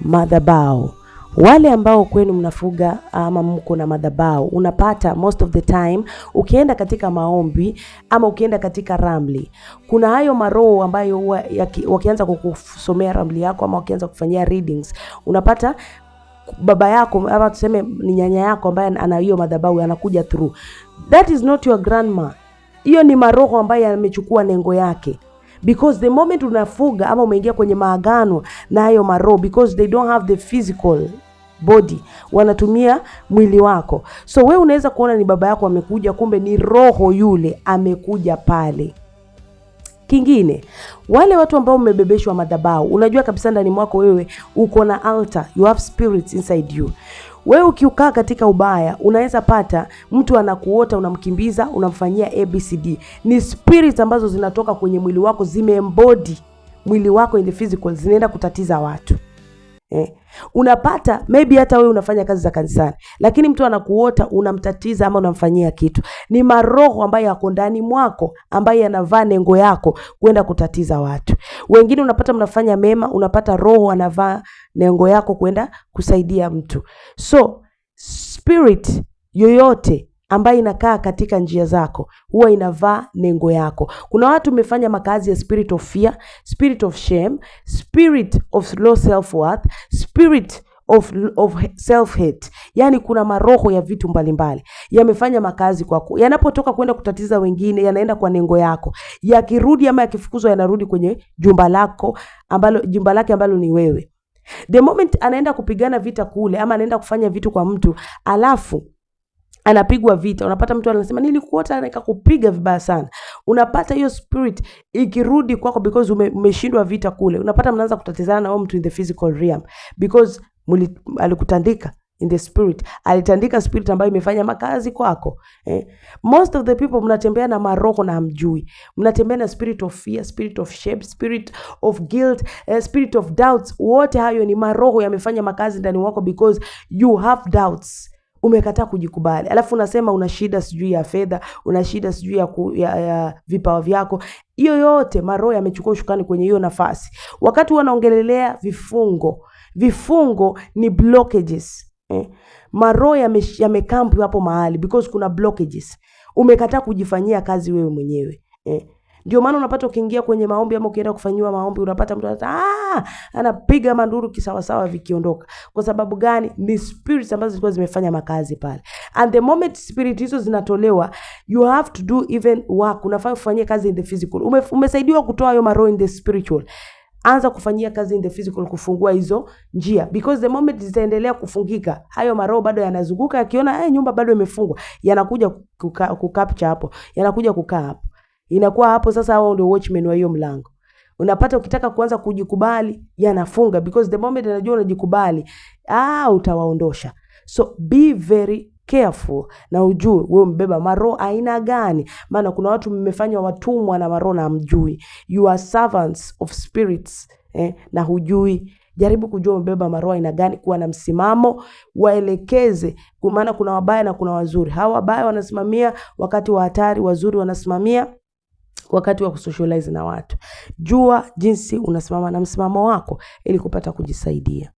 madhabao wale ambao kwenu mnafuga ama mko na madhabao, unapata most of the time ukienda katika maombi ama ukienda katika ramli, kuna hayo maroho ambayo huwa wakianza kukusomea ramli yako ama wakianza kufanyia readings, unapata baba yako ama tuseme ni nyanya yako ambaye ana hiyo madhabau anakuja through. That is not your grandma. Hiyo ni maroho ambayo yamechukua nengo yake because the moment unafuga ama umeingia kwenye maagano na hayo maroho because they don't have the physical body wanatumia mwili wako. So we unaweza kuona ni baba yako amekuja, kumbe ni roho yule amekuja pale. Kingine, wale watu ambao mmebebeshwa madhabahu, unajua kabisa ndani mwako wewe uko na altar, you have spirits inside you wewe ukiukaa katika ubaya unaweza pata mtu anakuota, unamkimbiza, unamfanyia ABCD. Ni spirits ambazo zinatoka kwenye mwili wako, zimeembody mwili wako the physical, zinaenda kutatiza watu. Eh. Unapata maybe hata wewe unafanya kazi za kanisani, lakini mtu anakuota unamtatiza ama unamfanyia kitu. Ni maroho ambayo yako ndani mwako ambaye yanavaa nengo yako kwenda kutatiza watu wengine. Unapata mnafanya mema, unapata roho anavaa nengo yako kwenda kusaidia mtu. So spirit yoyote ambayo inakaa katika njia zako, huwa inavaa nengo yako. Kuna watu umefanya makazi ya spirit of fear, spirit of shame, spirit of low self worth, spirit of, of self hate. Yaani kuna maroho ya vitu mbalimbali yamefanya makazi kwako, yanapotoka kwenda kutatiza wengine, yanaenda kwa nengo yako, yakirudi ama yakifukuzwa, yanarudi kwenye jumba lako ambalo jumba lake ambalo ni wewe. The moment anaenda kupigana vita kule ama anaenda kufanya vitu kwa mtu alafu anapigwa vita. Unapata mtu anasema nilikuota kupiga vibaya sana. Unapata hiyo spirit ikirudi kwako because umeshindwa ume vita kule, unapata mnaanza kutatizana na oh, mtu in the physical realm because muli, alikutandika in the spirit, alitandika spirit ambayo imefanya makazi kwako eh. Most of the people mnatembea na maroho na hamjui, mnatembea na spirit of fear, spirit of shame, spirit of guilt, eh, spirit of doubts. Wote hayo ni maroho yamefanya makazi ndani wako because you have doubts umekataa kujikubali, alafu unasema una shida sijui ya fedha, una shida sijui ya, ya, ya vipawa vyako. Hiyo yote maroho yamechukua ushukani kwenye hiyo nafasi. Wakati wanaongelelea vifungo, vifungo ni blockages eh. Maroho yamekampu yame hapo mahali because kuna blockages, umekataa kujifanyia kazi wewe mwenyewe eh. Ndio maana unapata ukiingia kwenye maombi ama ukienda kufanyiwa maombi, unapata mtu anata, ah, anapiga manduru kisawasawa vikiondoka. Kwa sababu gani? Ni spirits ambazo zilikuwa zimefanya makazi pale, and the moment spirit hizo zinatolewa, you have to do even work. Unafaa ufanyie kazi in the physical. Ume, umesaidiwa kutoa hayo maroho in the spiritual Anza kufanyia kazi in the physical, kufungua hizo njia, because the moment zitaendelea kufungika, hayo maroho bado yanazunguka, yakiona eh, nyumba bado imefungwa, yanakuja kukapcha hapo, yanakuja kukaa hapo. Inakuwa hapo sasa, hao ndio watchmen wa hiyo mlango. Unapata ukitaka kuanza kujikubali, yanafunga because the moment anajua unajikubali, ah, utawaondosha. So be very careful na ujue wewe mbeba maroho aina gani, maana kuna watu mmefanywa watumwa na maroho na mjui. You are servants of spirits eh, na hujui. Jaribu kujua mbeba maroho aina gani, kuwa na msimamo, waelekeze, maana kuna wabaya na kuna wazuri. Hawa wabaya wanasimamia wakati wa hatari, wazuri wanasimamia wakati wa kusocialize na watu. Jua jinsi unasimama na msimamo wako ili kupata kujisaidia.